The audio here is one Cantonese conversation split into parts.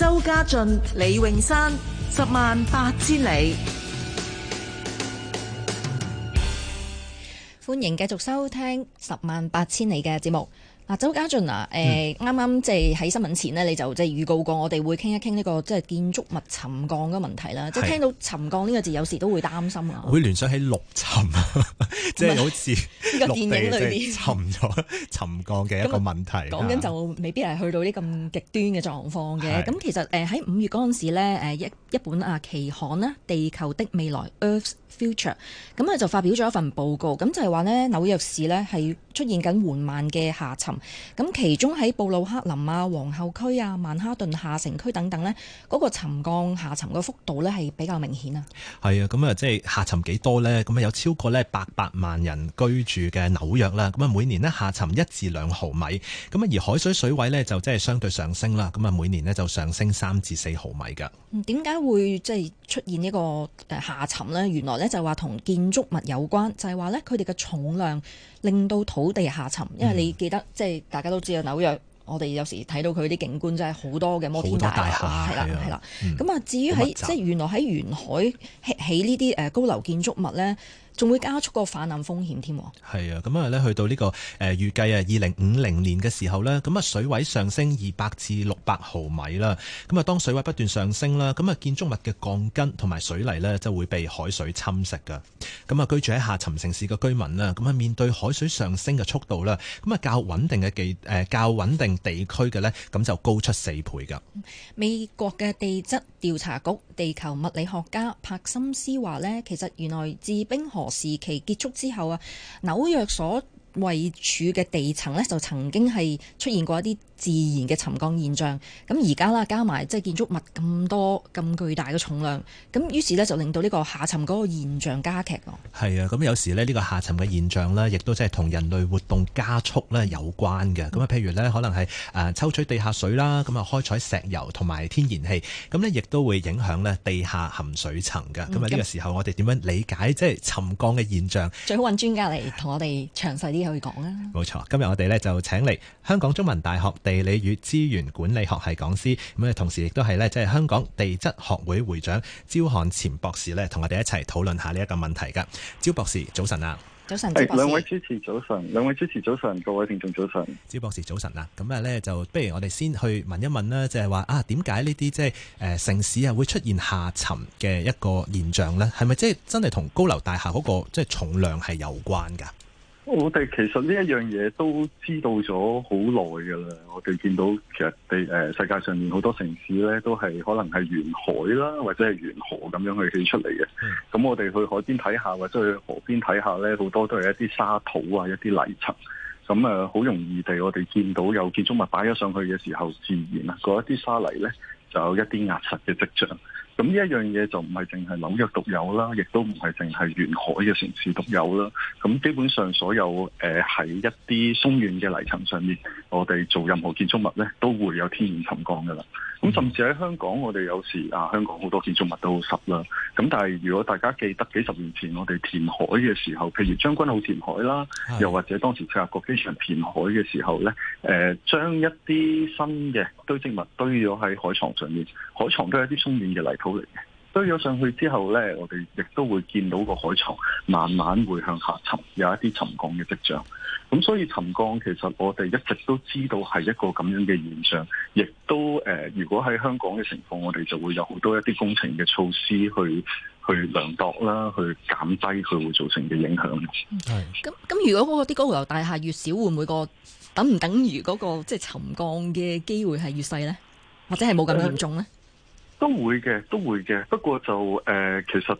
周家俊、李泳山，十萬八千里，歡迎繼續收聽《十萬八千里》嘅節目。嗱，周家俊啊，誒、呃，啱啱即係喺新聞前呢，你就即係預告過我哋會傾一傾呢個即係建築物沉降嘅問題啦。即係是聽到沉降呢個字，有時都會擔心啊，會聯想起陸沉啊，是即係好似呢個電影裏面沉咗沉降嘅一個問題。講緊 就未必係去到呢咁極端嘅狀況嘅。咁是其實誒喺五月嗰陣時咧，誒一一本啊期刊呢，《地球的未來》。future，咁啊就發表咗一份報告，咁就係話呢紐約市呢係出現緊緩慢嘅下沉，咁其中喺布魯克林啊、皇后區啊曼哈頓下城區等等呢，嗰個沉降下沉嘅幅度呢係比較明顯啊。係啊，咁啊即係下沉幾多呢？咁啊有超過呢八百萬人居住嘅紐約啦，咁啊每年呢下沉一至兩毫米，咁啊而海水水位呢就即係相對上升啦，咁啊每年呢就上升三至四毫米㗎。點解會即係出現呢個誒下沉呢？原來咧就話同建築物有關，就係話咧佢哋嘅重量令到土地下沉，因為你記得、嗯、即係大家都知道紐約，我哋有時睇到佢啲景觀真係好多嘅摩天大廈，係啦係啦。咁啊，至於喺即係原來喺沿海起呢啲誒高樓建築物咧。仲會加速個泛濫風險添，係啊！咁啊咧，去到呢個誒預計啊，二零五零年嘅時候呢，咁啊水位上升二百至六百毫米啦。咁啊，當水位不斷上升啦，咁啊建築物嘅鋼筋同埋水泥呢，就會被海水侵蝕噶。咁啊，居住喺下沉城市嘅居民啦，咁啊面對海水上升嘅速度啦，咁啊較穩定嘅地誒較穩定地區嘅呢，咁就高出四倍噶。美國嘅地質調查局，地球物理學家帕森斯話，咧，其實原來自冰河時期結束之後啊，紐約所位處嘅地層呢，就曾經係出現過一啲自然嘅沉降現象。咁而家啦，加埋即係建築物咁多咁巨大嘅重量，咁於是呢，就令到呢個下沉嗰個現象加劇咯。係啊，咁有時呢，呢個下沉嘅現象呢，亦都即係同人類活動加速呢有關嘅。咁啊，譬如呢，可能係抽取地下水啦，咁啊開採石油同埋天然氣，咁呢亦都會影響呢地下含水層嘅。咁啊、嗯，呢個時候我哋點樣理解即係沉降嘅現象？最好揾專家嚟同我哋詳細啲去講咧，冇錯。今日我哋咧就請嚟香港中文大學地理與資源管理學系講師，咁啊，同時亦都係咧即係香港地質學會會長招侃潛博士咧，同我哋一齊討論下呢一個問題噶。招博士，早晨啊！早晨，哎、兩位主持早晨，兩位主持早晨，各位聽眾早晨。招博士早晨啊！咁啊咧，就不如我哋先去問一問啦，就係話啊，點解呢啲即係誒城市啊會出現下沉嘅一個現象咧？係咪即係真係同高樓大廈嗰個即係重量係有關噶？我哋其實呢一樣嘢都知道咗好耐㗎啦。我哋見到其實地誒世界上面好多城市咧，都係可能係沿海啦，或者係沿河咁樣去起出嚟嘅。咁我哋去海邊睇下，或者去河邊睇下咧，好多都係一啲沙土啊，一啲泥塵。咁好容易地，我哋見到有建築物擺咗上去嘅時候，自然啊嗰一啲沙泥咧，就有一啲壓實嘅跡象。咁呢一樣嘢就唔係淨係紐約獨有啦，亦都唔係淨係沿海嘅城市獨有啦。咁基本上所有誒喺、呃、一啲鬆軟嘅泥層上面，我哋做任何建築物咧，都會有天然沉降噶啦。咁甚至喺香港，我哋有時啊，香港好多建築物都好濕啦。咁但係如果大家記得幾十年前我哋填海嘅時候，譬如將軍澳填海啦，又或者當時赤鱲角機場填海嘅時候咧、呃，將一啲新嘅堆積物堆咗喺海床上面，海床都係一啲鬆軟嘅泥土。都有上去之後咧，我哋亦都會見到個海床慢慢會向下沉，有一啲沉降嘅跡象。咁所以沉降其實我哋一直都知道係一個咁樣嘅現象，亦都誒，如果喺香港嘅情況，我哋就會有好多一啲工程嘅措施去去量度啦，去減低佢會造成嘅影響。係咁咁，如果嗰個啲高樓大廈越少，會唔會個等唔等於嗰個即係沉降嘅機會係越細咧，或者係冇咁嚴重咧？嗯都會嘅，都會嘅。不過就誒、呃，其實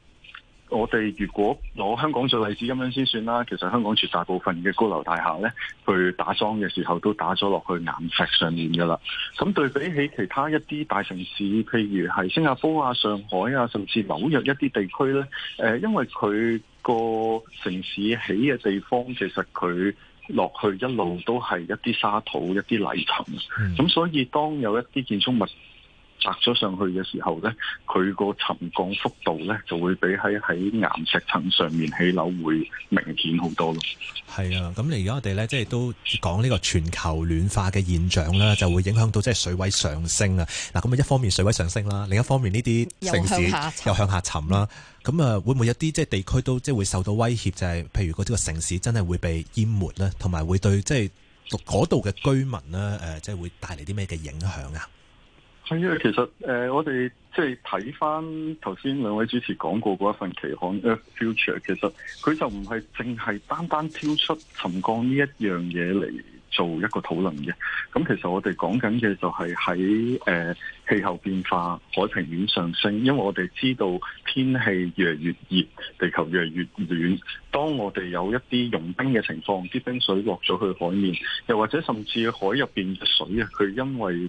我哋如果攞香港做例子咁樣先算啦。其實香港絕大部分嘅高樓大廈呢，去打樁嘅時候都打咗落去岩石上面噶啦。咁對比起其他一啲大城市，譬如係新加坡啊、上海啊，甚至紐約一啲地區呢，呃、因為佢個城市起嘅地方，其實佢落去一路都係一啲沙土、一啲泥層。咁、嗯、所以當有一啲建築物砸咗上去嘅時候咧，佢個沉降幅度咧就會比喺喺岩石層上面起樓會明顯好多咯。係啊，咁你而家我哋咧即係都講呢個全球暖化嘅現象啦，就會影響到即係水位上升啊。嗱，咁啊一方面水位上升啦，另一方面呢啲城市又向下沉啦。咁啊，會唔會一啲即係地區都即係會受到威脅？就係、是、譬如啲個城市真係會被淹沒咧，同埋會對即係嗰度嘅居民咧誒，即係會帶嚟啲咩嘅影響啊？係啊，因為其實誒、呃，我哋即係睇翻頭先兩位主持講過嗰一份期刊《Earth Future》，其實佢就唔係淨係單單挑出沉降呢一樣嘢嚟做一個討論嘅。咁其實我哋講緊嘅就係喺誒氣候變化、海平面上升，因為我哋知道天氣越嚟越熱，地球越嚟越暖。當我哋有一啲融冰嘅情況，啲冰水落咗去海面，又或者甚至海入面嘅水啊，佢因為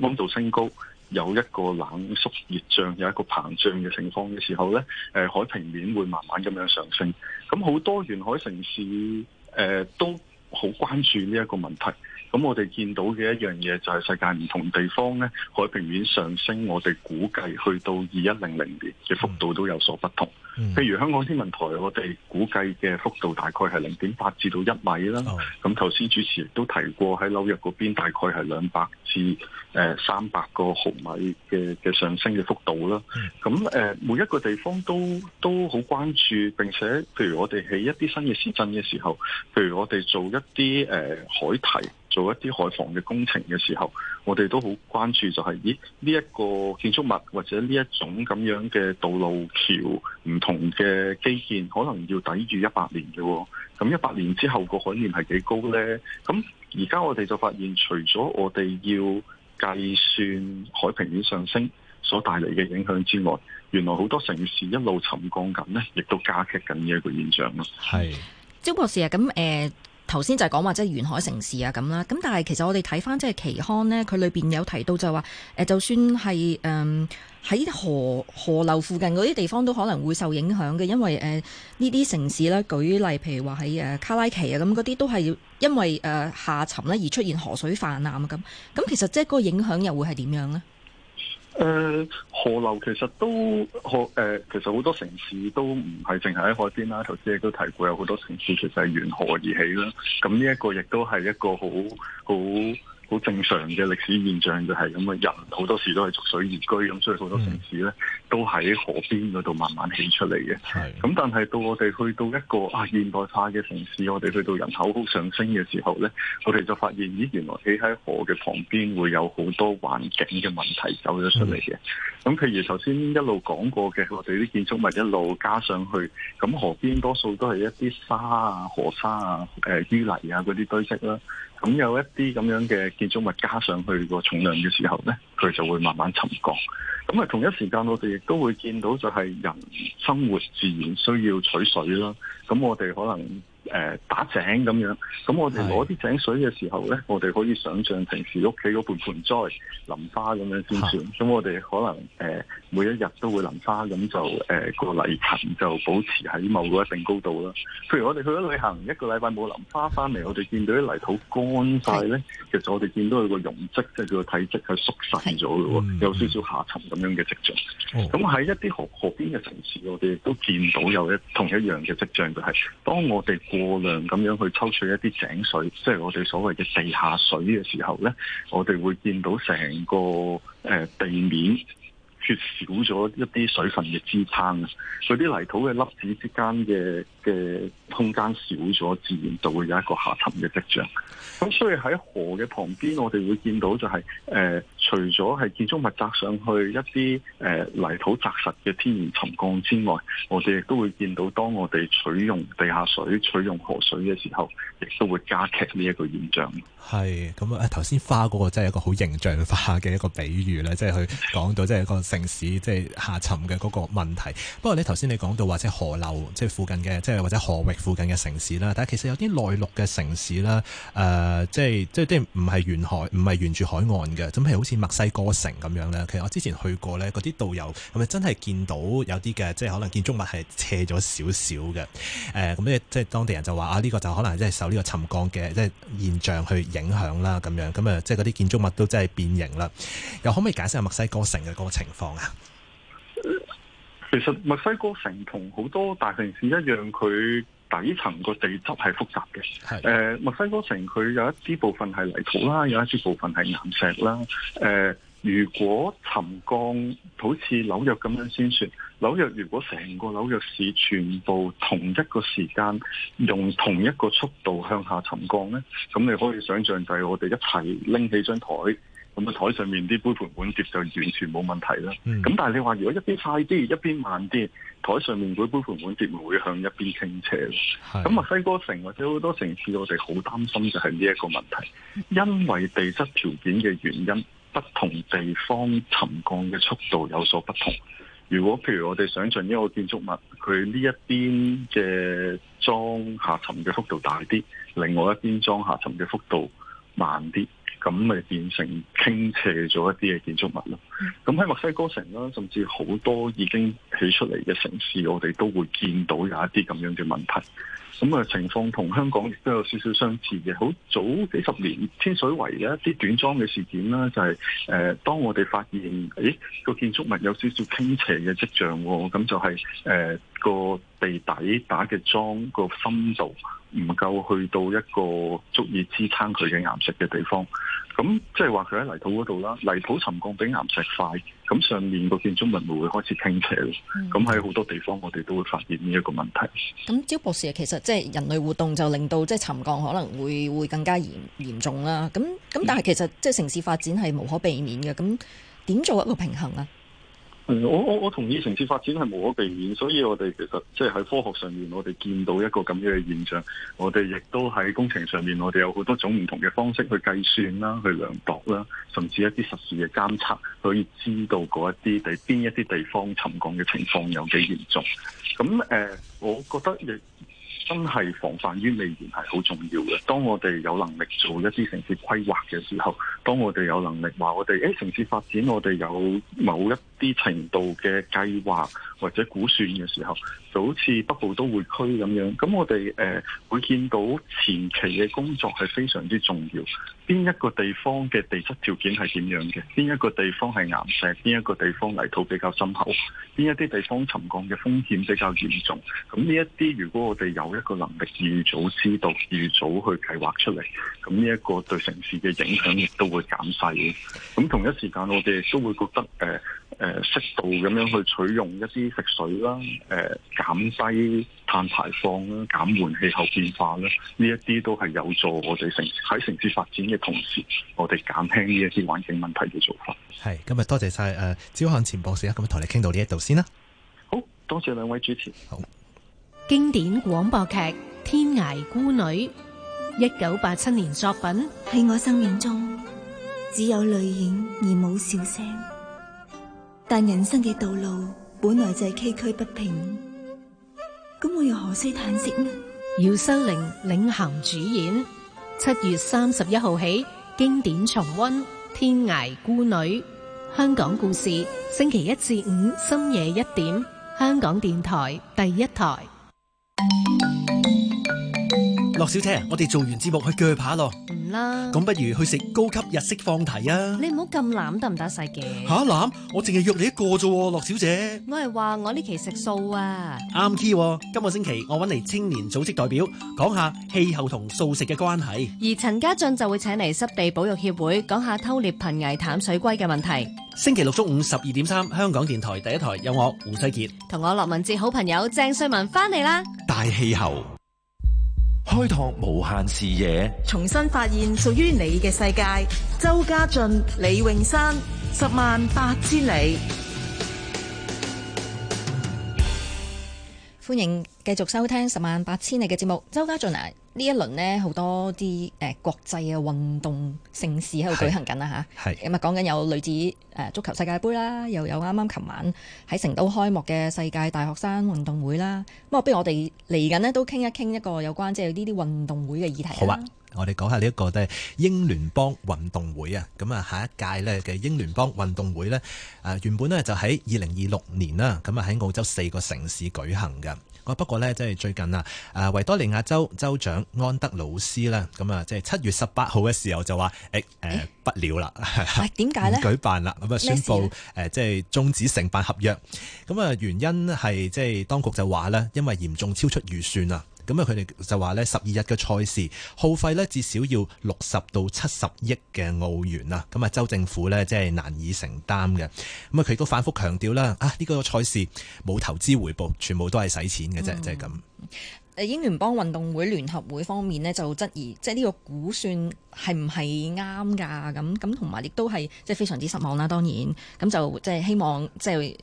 溫度升高，有一個冷縮熱漲，有一個膨脹嘅情況嘅時候咧，誒海平面會慢慢咁樣上升。咁好多沿海城市誒、呃、都好關注呢一個問題。咁我哋見到嘅一樣嘢就係世界唔同地方咧，海平面上升，我哋估計去到二一零零年嘅幅度都有所不同。嗯嗯、譬如香港天文台，我哋估計嘅幅度大概係零點八至到一米啦。咁頭先主持亦都提過喺紐約嗰邊，大概係兩百至誒三百個毫米嘅嘅上升嘅幅度啦。咁、嗯、每一個地方都都好關注，並且譬如我哋喺一啲新嘅市鎮嘅時候，譬如我哋做一啲、呃、海堤。做一啲海防嘅工程嘅時候，我哋都好關注、就是，就係咦呢一、這個建築物或者呢一種咁樣嘅道路橋唔同嘅基建，可能要抵禦一百年嘅，咁一百年之後個海面係幾高咧？咁而家我哋就發現除咗我哋要計算海平面上升所帶嚟嘅影響之外，原來好多城市一路沉降緊咧，亦都加劇緊嘅一個現象咯。係是周博士啊，咁誒。呃頭先就係講話即係沿海城市啊咁啦，咁但係其實我哋睇翻即係期刊咧，佢裏面有提到就係話，就算係誒喺河河流附近嗰啲地方都可能會受影響嘅，因為呢啲城市咧，舉例譬如話喺卡拉奇啊咁嗰啲都係因為下沉咧而出現河水泛濫啊咁，咁其實即係嗰個影響又會係點樣咧？誒、uh, 河流其實都可誒，其實好多城市都唔係淨係喺海邊啦。頭先亦都提過，有好多城市其實係沿河而起啦。咁呢一個亦都係一個好好，很好正常嘅歷史現象就係咁啊！人好多時都係逐水而居，咁所以好多城市呢都喺河邊嗰度慢慢起出嚟嘅。咁但係到我哋去到一個啊現代化嘅城市，我哋去到人口好上升嘅時候呢，我哋就發現咦，原來起喺河嘅旁邊會有好多環境嘅問題走咗出嚟嘅。咁譬如頭先一路講過嘅，我哋啲建築物一路加上去，咁河邊多數都係一啲沙啊、河沙啊、誒、呃、淤泥啊嗰啲堆積啦。咁有一啲咁樣嘅建築物加上去個重量嘅時候咧，佢就會慢慢沉降。咁啊，同一時間我哋亦都會見到就係人生活自然需要取水啦。咁我哋可能。誒、呃、打井咁樣，咁我哋攞啲井水嘅時候咧，的我哋可以想像平時屋企嗰盆盆栽淋花咁樣先算。咁的我哋可能、呃、每一日都會淋花，咁就個、呃、泥層就保持喺某個一定高度啦。譬如我哋去咗旅行一個禮拜冇淋花，翻嚟我哋見到啲泥土乾晒咧，的其實我哋見到佢個容積即係佢個體積係縮細咗嘅喎，有少少下沉咁樣嘅跡象。咁喺的一啲河河邊嘅城市，我哋都見到有一同一樣嘅跡象，就係、是、當我哋。過量咁樣去抽取一啲井水，即係我哋所謂嘅地下水嘅時候呢，我哋會見到成個誒地面缺少咗一啲水分嘅支撐，所以啲泥土嘅粒子之間嘅。嘅空間少咗，自然就會有一個下沉嘅跡象。咁所以喺河嘅旁邊，我哋會見到就係、是、誒、呃，除咗係建築物擲上去一啲誒、呃、泥土紮實嘅天然沉降之外，我哋亦都會見到當我哋取用地下水、取用河水嘅時候，亦都會加劇呢一個現象。係咁啊！頭、嗯、先花嗰個真係一個好形象化嘅一個比喻啦，即係佢講到即係一個城市即係、就是、下沉嘅嗰個問題。不過咧，頭先你講到或者河流即係、就是、附近嘅即係。就是或者河域附近嘅城市啦，但係其實有啲內陸嘅城市啦，誒，即係即係啲唔係沿海、唔係沿住海岸嘅，咁譬如好似墨西哥城咁樣咧。其實我之前去過咧，嗰啲導遊，咁咪真係見到有啲嘅，即係可能建築物係斜咗少少嘅，誒，咁即係當地人就話啊，呢個就可能即係受呢個沉降嘅即係現象去影響啦，咁樣咁啊，即係嗰啲建築物都真係變形啦。又可唔可以解釋下墨西哥城嘅嗰個情況啊？其實墨西哥城同好多大城市一樣，佢底層個地質係複雜嘅。誒的、呃，墨西哥城佢有一啲部分係泥土啦，有一啲部分係岩石啦，呃。如果沉降，好似紐約咁樣先算。紐約如果成個紐約市全部同一個時間用同一個速度向下沉降呢，咁你可以想象就係我哋一齊拎起，起一張台。咁啊台上面啲杯盤碗碟就完全冇問題啦。咁、嗯、但係你話如果一邊快啲，一邊慢啲，台上面杯盤碗碟會向一邊傾斜咯。咁墨西哥城或者好多城市，我哋好擔心就係呢一個問題，因為地質條件嘅原因，不同地方沉降嘅速度有所不同。如果譬如我哋想象一個建築物，佢呢一邊嘅裝下沉嘅幅度大啲，另外一邊裝下沉嘅幅度慢啲。咁咪變成傾斜咗一啲嘅建築物咯。咁喺墨西哥城啦，甚至好多已經起出嚟嘅城市，我哋都會見到有一啲咁樣嘅問題。咁啊，情況同香港亦都有少少相似嘅。好早幾十年，天水圍嘅一啲短樁嘅事件啦，就係、是、誒、呃，當我哋發現，誒個建築物有少少傾斜嘅跡象，咁就係誒個地底打嘅樁，個深度唔夠，去到一個足以支撐佢嘅岩石嘅地方。咁即係話佢喺泥土嗰度啦，泥土沉降比岩石快，咁上面個建築物會唔會開始傾斜？咁喺好多地方我哋都會發現呢一個問題。咁、嗯，招博士啊，其實即係人類活動就令到即係沉降可能會會更加嚴重啦。咁咁，但係其實即係城市發展係無可避免嘅。咁點做一個平衡啊？嗯、我我我同意城市發展係無可避免，所以我哋其實即係喺科學上面，我哋見到一個咁樣嘅現象，我哋亦都喺工程上面，我哋有好多種唔同嘅方式去計算啦、去量度啦，甚至一啲實時嘅監測，可以知道嗰一啲喺邊一啲地方沉降嘅情況有幾嚴重。咁誒、呃，我覺得亦。真係防範於未然係好重要嘅。當我哋有能力做一啲城市規劃嘅時候，當我哋有能力話我哋，誒，城市發展我哋有某一啲程度嘅計劃，或者估算嘅時候，就好似北部都會區咁樣，咁我哋誒、呃、會見到前期嘅工作係非常之重要。邊一個地方嘅地質條件係點樣嘅？邊一個地方係岩石？邊一個地方泥土比較深厚？邊一啲地方沉降嘅風險比較嚴重？咁呢一啲，如果我哋有一個能力，預早知道，預早去計劃出嚟，咁呢一個對城市嘅影響亦都會減細嘅。咁同一時間，我哋都會覺得誒誒適度咁樣去取用一啲。食水啦，誒、呃，減低碳排放啦，減緩氣候變化咧，呢一啲都係有助我哋城喺城市發展嘅同時，我哋減輕呢一啲環境問題嘅做法。係今日多謝晒誒，招、呃、侃潛博士啊，咁同你傾到呢一度先啦。好多謝兩位主持。好，經典廣播劇《天涯孤女》，一九八七年作品，係我生命中只有淚影而冇笑聲，但人生嘅道路本來就係崎嶇不平，咁我又何須嘆息呢？姚守玲領銜主演，七月三十一號起，經典重溫《天涯孤女》，香港故事，星期一至五深夜一點，香港電台第一台。樂小姐，我哋做完節目去鋸扒咯，唔啦吧，咁不如去食高級日式放題可可啊！你唔好咁攬得唔得世嘅吓攬，我淨係約你一個啫，樂小姐。我係話我呢期食素啊，啱 key。今個星期我搵嚟青年組織代表講下氣候同素食嘅關係，而陳家俊就會請嚟濕地保育協會講下偷獵瀕危淡水龜嘅問題。星期六中午十二點三，3，香港電台第一台有我胡世杰，同我樂文哲好朋友鄭瑞文翻嚟啦，大氣候。開拓無限視野，重新發現屬於你嘅世界。周家俊、李詠山，十萬八千里。歡迎繼續收聽《十萬八千里》嘅節目。周家俊、啊呢一輪呢，好多啲誒國際嘅運動盛事喺度舉行緊啦嚇，咁啊講緊有女子足球世界盃啦，又有啱啱琴晚喺成都開幕嘅世界大學生運動會啦。咁啊，不如我哋嚟緊呢都傾一傾一個有關即係呢啲運動會嘅議題吧。好啊，我哋講下呢一個嘅英聯邦運動會啊。咁啊，下一屆呢嘅英聯邦運動會呢，原本呢就喺二零二六年啦，咁啊喺澳洲四個城市舉行嘅。不過咧，即係最近啊，誒維多利亞州州長安德魯斯啦，咁啊，即係七月十八號嘅時候就話誒誒不了啦，點解咧？唔舉辦啦，咁啊宣布誒、呃、即係中止承辦合約，咁啊原因係即係當局就話咧，因為嚴重超出預算啊。咁啊，佢哋就話呢，十二日嘅賽事耗費呢至少要六十到七十億嘅澳元啊！咁啊，州政府呢，即係難以承擔嘅。咁啊，佢都反覆強調啦，啊呢個賽事冇投資回報，全部都係使錢嘅啫，即係咁。英聯邦運動會聯合會方面呢，就質疑即係呢個估算係唔係啱㗎？咁咁同埋亦都係即係非常之失望啦。當然，咁就即係、即係、希望即係，即係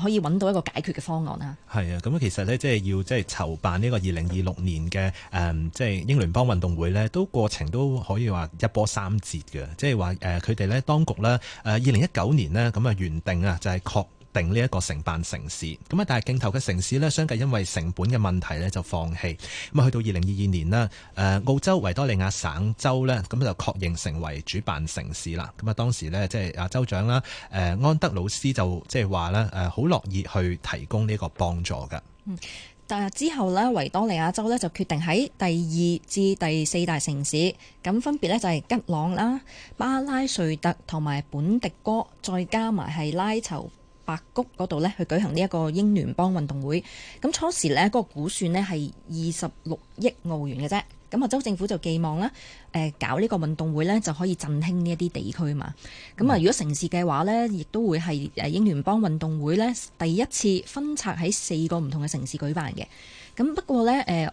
可以揾到一個解決嘅方案啊！係啊，咁其實咧，即係要即係籌辦呢個二零二六年嘅誒，即係英聯邦運動會咧，都過程都可以話一波三折嘅，即係話誒，佢哋咧，當局咧，誒二零一九年呢，咁啊原定啊就係確定呢一個承辦城市咁啊，但係競投嘅城市呢，相繼因為成本嘅問題呢，就放棄咁啊。去到二零二二年啦，澳洲維多利亞省州呢，咁就確認成為主辦城市啦。咁啊，當時呢，即係阿州長啦，安德魯斯就即係話啦，好樂意去提供呢個幫助㗎，嗯。但係之後呢，維多利亞州呢，就決定喺第二至第四大城市咁分別呢，就係吉朗啦、巴拉瑞特同埋本迪哥，再加埋係拉籌白谷嗰度咧，去舉行呢一個英聯邦運動會。咁初時咧，嗰個估算呢，係二十六億澳元嘅啫。咁啊州政府就寄望啦，誒搞呢個運動會咧就可以振興呢一啲地區嘛。咁啊、嗯，如果城市嘅話咧，亦都會係誒英聯邦運動會咧第一次分拆喺四個唔同嘅城市舉辦嘅。咁不過咧，誒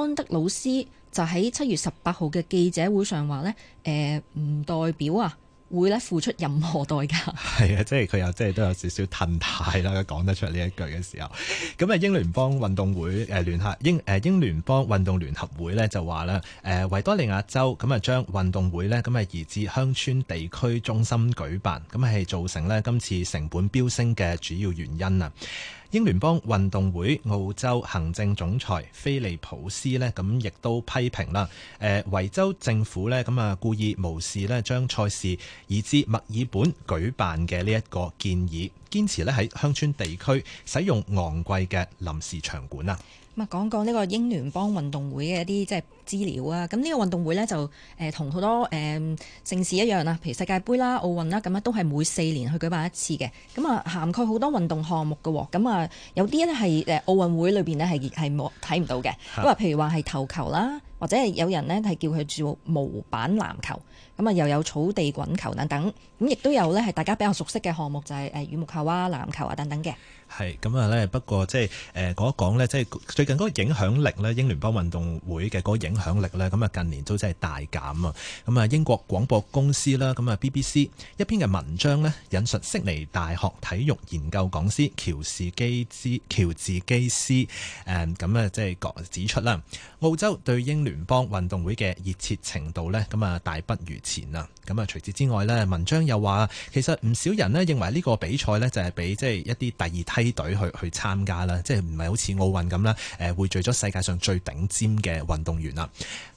安德魯斯就喺七月十八號嘅記者會上話咧，誒、呃、唔代表啊。會咧付出任何代價。係啊，即係佢又即係都有少少褪態啦。佢講得出呢一句嘅時候，咁啊英聯邦運動會誒、呃、聯、聯合英誒英聯邦運動聯合會咧就話啦，誒維多利亞州咁啊將運動會咧咁啊移至鄉村地區中心舉辦，咁係造成咧今次成本飆升嘅主要原因啊。英聯邦運動會澳洲行政總裁菲利普斯呢，咁亦都批評啦，誒維州政府呢，咁啊故意無視呢將賽事移至墨爾本舉辦嘅呢一個建議，堅持呢喺鄉村地區使用昂貴嘅臨時場館啊。咁啊，講講呢個英聯邦運動會嘅一啲即係資料啊！咁呢個運動會咧就誒同好多誒、嗯、盛事一樣啊，譬如世界盃啦、奧運啦，咁樣都係每四年去舉辦一次嘅。咁啊涵蓋好多運動項目嘅，咁啊有啲咧係誒奧運會裏邊咧係係冇睇唔到嘅。咁啊，譬如話係投球啦，或者係有人咧係叫佢做無板籃球。咁啊，又有草地滾球等等，咁亦都有咧，係大家比較熟悉嘅項目，就係羽毛球啊、籃球啊等等嘅。咁啊不過即係呃、講一講即係、最近個影響力呢英聯邦運動會嘅個影響力咁啊近年都真係大減啊！咁啊，英國廣播公司啦，咁啊 BBC 一篇嘅文章咧，引述悉尼大學體育研究講師喬士基斯喬治基斯咁啊，即、嗯係、指出啦，澳洲對英聯邦運動會嘅熱切程度咁啊大不如前啦，咁啊，除此之外咧，文章又話其實唔少人咧認為呢個比賽呢，就係俾，即係一啲第二梯隊去去參加啦，即係唔係好似奧運咁啦。誒，匯聚咗世界上最頂尖嘅運動員啦。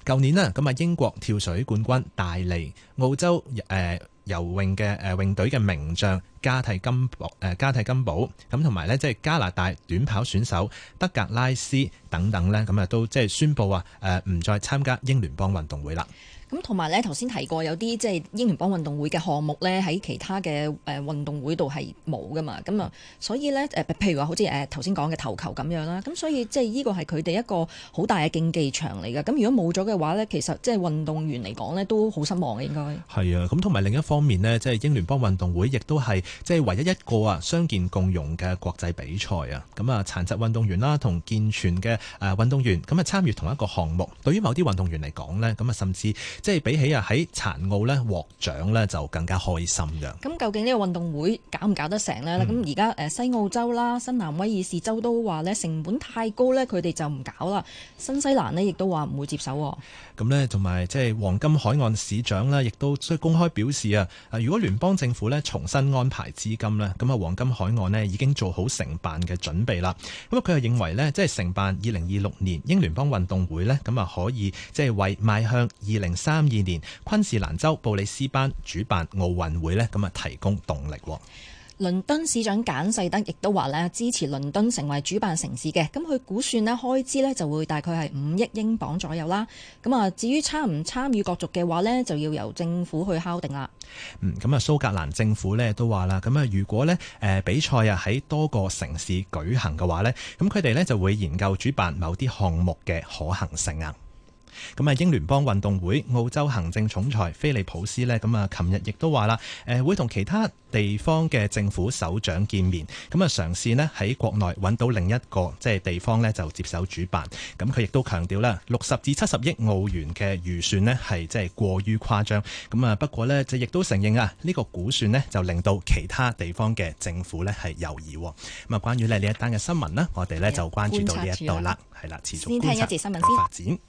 舊年呢咁啊，英國跳水冠軍戴利、澳洲誒游泳嘅誒泳，泳隊嘅名將加蒂金博誒加蒂金寶，咁同埋呢即係加拿大短跑選手德格拉斯等等呢咁啊都即係宣布啊誒唔再參加英聯邦運動會啦。咁同埋咧，頭先提過有啲即係英聯邦運動會嘅項目咧，喺其他嘅運動會度係冇噶嘛，咁啊，所以咧譬如話好似頭先講嘅投球咁樣啦，咁所以即係呢個係佢哋一個好大嘅競技場嚟㗎。咁如果冇咗嘅話咧，其實即係運動員嚟講咧都好失望嘅，應該係啊。咁同埋另一方面呢，即係英聯邦運動會亦都係即係唯一一個啊傷健共融嘅國際比賽啊。咁啊，殘疾運動員啦，同健全嘅運動員咁啊參與同一個項目，對於某啲運動員嚟講咧，咁啊甚至。即係比起啊喺殘奧咧獲獎咧就更加開心嘅。咁究竟呢個運動會搞唔搞得成呢？咁而家誒西澳洲啦、新南威爾士州都話咧成本太高咧，佢哋就唔搞啦。新西蘭呢，亦都話唔會接手。咁咧同埋即係黃金海岸市長呢，亦都公開表示啊，啊，如果聯邦政府咧重新安排資金呢，咁啊黃金海岸呢已經做好承辦嘅準備啦。咁啊佢又認為呢，即係承辦二零二六年英聯邦運動會呢，咁啊可以即係為邁向二零三。三二年，昆士蘭州布里斯班主辦奧運會咧，咁啊提供動力。倫敦市長簡世德亦都話咧，支持倫敦成為主辦城市嘅。咁佢估算咧，開支咧就會大概係五億英鎊左右啦。咁啊，至於參唔參與角逐嘅話咧，就要由政府去敲定啦。嗯，咁啊，蘇格蘭政府咧都話啦，咁啊，如果咧誒比賽啊喺多個城市舉行嘅話咧，咁佢哋咧就會研究主辦某啲項目嘅可行性啊。咁啊，英聯邦運動會澳洲行政總裁菲利普斯呢，咁啊，琴日亦都話啦，誒，會同其他地方嘅政府首長見面，咁啊，嘗試呢，喺國內揾到另一個即係地方呢，就接手主辦。咁佢亦都強調啦，六十至七十億澳元嘅預算呢，係即係過於誇張。咁啊，不過呢，就亦都承認啊，呢個估算呢，就令到其他地方嘅政府呢，係猶豫。咁啊，關於呢呢一單嘅新聞呢，我哋呢，就關注到呢一度啦，係啦，持續觀察發展。